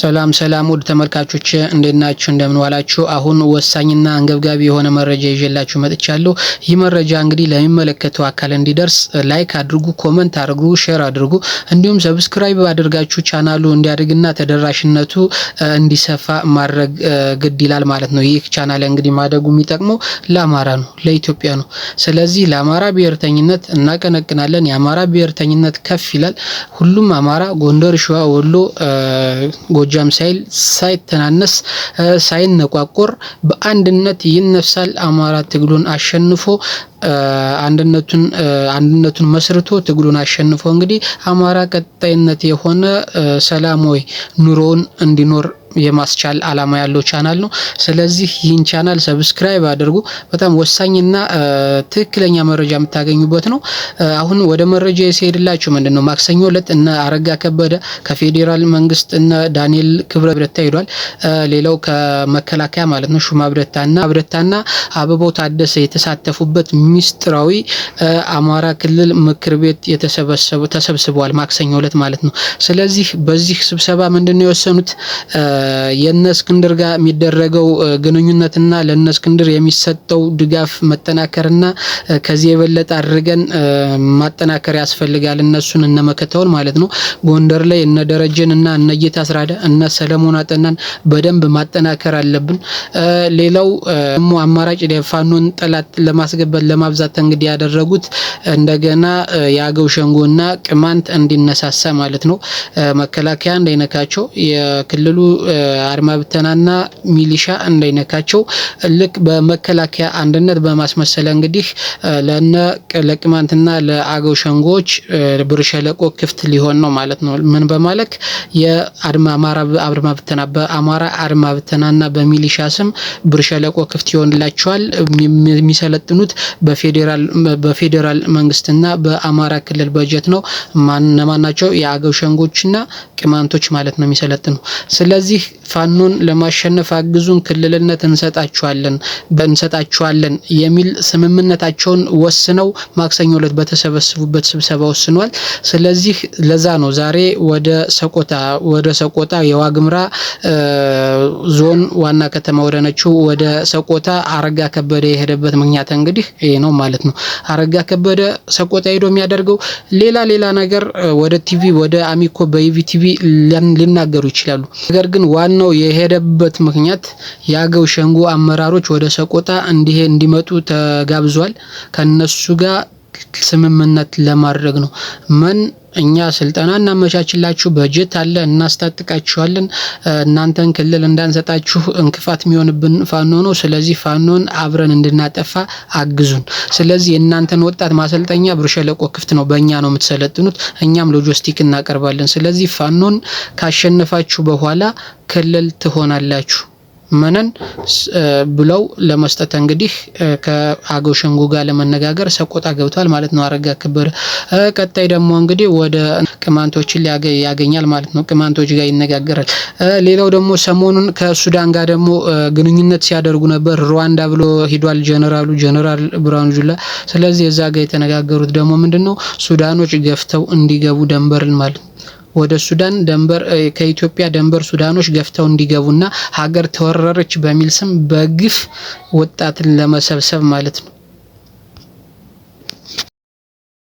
ሰላም ሰላም ውድ ተመልካቾች እንዴት ናችሁ? እንደምን ዋላችሁ? አሁን ወሳኝና አንገብጋቢ የሆነ መረጃ ይዤላችሁ መጥቻለሁ። ይህ መረጃ እንግዲህ ለሚመለከተው አካል እንዲደርስ ላይክ አድርጉ፣ ኮመንት አድርጉ፣ ሼር አድርጉ፣ እንዲሁም ሰብስክራይብ አድርጋችሁ ቻናሉ እንዲያድግና ተደራሽነቱ እንዲሰፋ ማድረግ ግድ ይላል ማለት ነው። ይህ ቻናል እንግዲህ ማደጉ የሚጠቅመው ለአማራ ነው፣ ለኢትዮጵያ ነው። ስለዚህ ለአማራ ብሔርተኝነት እናቀነቅናለን። የአማራ ብሔርተኝነት ከፍ ይላል። ሁሉም አማራ ጎንደር፣ ሸዋ፣ ወሎ ጎጃም ሳይል ሳይተናነስ ሳይነቋቆር በአንድነት ይነፍሳል አማራ ትግሉን አሸንፎ አንድነቱን አንድነቱን መስርቶ ትግሉን አሸንፎ እንግዲህ አማራ ቀጣይነት የሆነ ሰላማዊ ኑሮውን እንዲኖር የማስቻል አላማ ያለው ቻናል ነው። ስለዚህ ይህን ቻናል ሰብስክራይብ አድርጉ። በጣም ወሳኝና ትክክለኛ መረጃ የምታገኙበት ነው። አሁን ወደ መረጃ የሲሄድላችሁ ምንድን ነው፣ ማክሰኞ ዕለት እነ አረጋ ከበደ ከፌዴራል መንግስት እነ ዳንኤል ክብረ ብረታ ሄዷል። ሌላው ከመከላከያ ማለት ነው ሹማ ብረታና ብረታና አበባው ታደሰ የተሳተፉበት ሚስጥራዊ አማራ ክልል ምክር ቤት የተሰበሰበ ተሰብስበዋል ማክሰኞ ዕለት ማለት ነው። ስለዚህ በዚህ ስብሰባ ምንድን ነው የወሰኑት? የነ እስክንድር ጋር የሚደረገው ግንኙነትና ለነ እስክንድር የሚሰጠው ድጋፍ መጠናከርና ከዚህ የበለጠ አድርገን ማጠናከር ያስፈልጋል። እነሱን እነመከተውን ማለት ነው ጎንደር ላይ እነ ደረጀን እና እነ ጌታ አስራደ እነ ሰለሞን አጠናን በደንብ ማጠናከር አለብን። ሌላው ደግሞ አማራጭ ፋኖን ጠላት ለማስገባት ለማብዛት እንግዲህ ያደረጉት እንደገና የአገው ሸንጎና ቅማንት እንዲነሳሳ ማለት ነው። መከላከያ እንዳይነካቸው፣ የክልሉ አድማ ብተናና ሚሊሻ እንዳይነካቸው ልክ በመከላከያ አንድነት በማስመሰል እንግዲህ ለነ ለቅማንትና ለአገው ሸንጎዎች ብር ሸለቆ ክፍት ሊሆን ነው ማለት ነው። ምን በማለክ የአድማ አማራ አድማ ብተና በአማራ አድማ ብተናና በሚሊሻ ስም ብር ሸለቆ ክፍት ይሆንላቸዋል የሚሰለጥኑት በፌዴራል መንግስትና በአማራ ክልል በጀት ነው። ናቸው? የአገው ሸንጎችና ቅማንቶች ማለት ነው የሚሰለጥኑ። ስለዚህ ፋኖን ለማሸነፍ አግዙን፣ ክልልነት እንሰጣቸዋለን እንሰጣቸዋለን የሚል ስምምነታቸውን ወስነው ማክሰኞ ዕለት በተሰበሰቡበት ስብሰባ ወስኗል። ስለዚህ ለዛ ነው ዛሬ ወደ ሰቆጣ ወደ ሰቆጣ የዋግምራ ዞን ዋና ከተማ ወደ ነችው ወደ ሰቆጣ አረጋ ከበደ የሄደበት ምክንያት እንግዲህ ነው ማለት ነው። አረጋ ከበደ ሰቆጣ ሄዶ የሚያደርገው ሌላ ሌላ ነገር ወደ ቲቪ ወደ አሚኮ ቲቪ ሊናገሩ ይችላሉ። ነገር ግን ዋናው የሄደበት ምክንያት የአገው ሸንጎ አመራሮች ወደ ሰቆጣ እንዲሄ እንዲመጡ ተጋብዟል። ከነሱ ጋር ስምምነት ለማድረግ ነው። ምን እኛ ስልጠና እናመቻችላችሁ፣ በጀት አለ፣ እናስታጥቃችኋለን። እናንተን ክልል እንዳንሰጣችሁ እንክፋት የሚሆንብን ፋኖ ነው። ስለዚህ ፋኖን አብረን እንድናጠፋ አግዙን። ስለዚህ እናንተን ወጣት ማሰልጠኛ ብር ሸለቆ ክፍት ነው፣ በእኛ ነው የምትሰለጥኑት። እኛም ሎጂስቲክ እናቀርባለን። ስለዚህ ፋኖን ካሸነፋችሁ በኋላ ክልል ትሆናላችሁ። መነን ብለው ለመስጠት እንግዲህ ከአገው ሸንጎ ጋር ለመነጋገር ሰቆጣ ገብቷል ማለት ነው። አረጋ ክብር ቀጣይ ደግሞ እንግዲህ ወደ ቅማንቶችን ያገኛል ማለት ነው። ቅማንቶች ጋር ይነጋገራል። ሌላው ደግሞ ሰሞኑን ከሱዳን ጋር ደግሞ ግንኙነት ሲያደርጉ ነበር። ሩዋንዳ ብሎ ሂዷል ጀነራሉ ጀነራል ብርሃኑ ጁላ። ስለዚህ እዛ ጋር የተነጋገሩት ደግሞ ምንድን ነው ሱዳኖች ገፍተው እንዲገቡ ደንበርን ማለት ነው። ወደ ሱዳን ደንበር ከኢትዮጵያ ደንበር ሱዳኖች ገፍተው እንዲገቡና ሀገር ተወረረች በሚል ስም በግፍ ወጣትን ለመሰብሰብ ማለት ነው።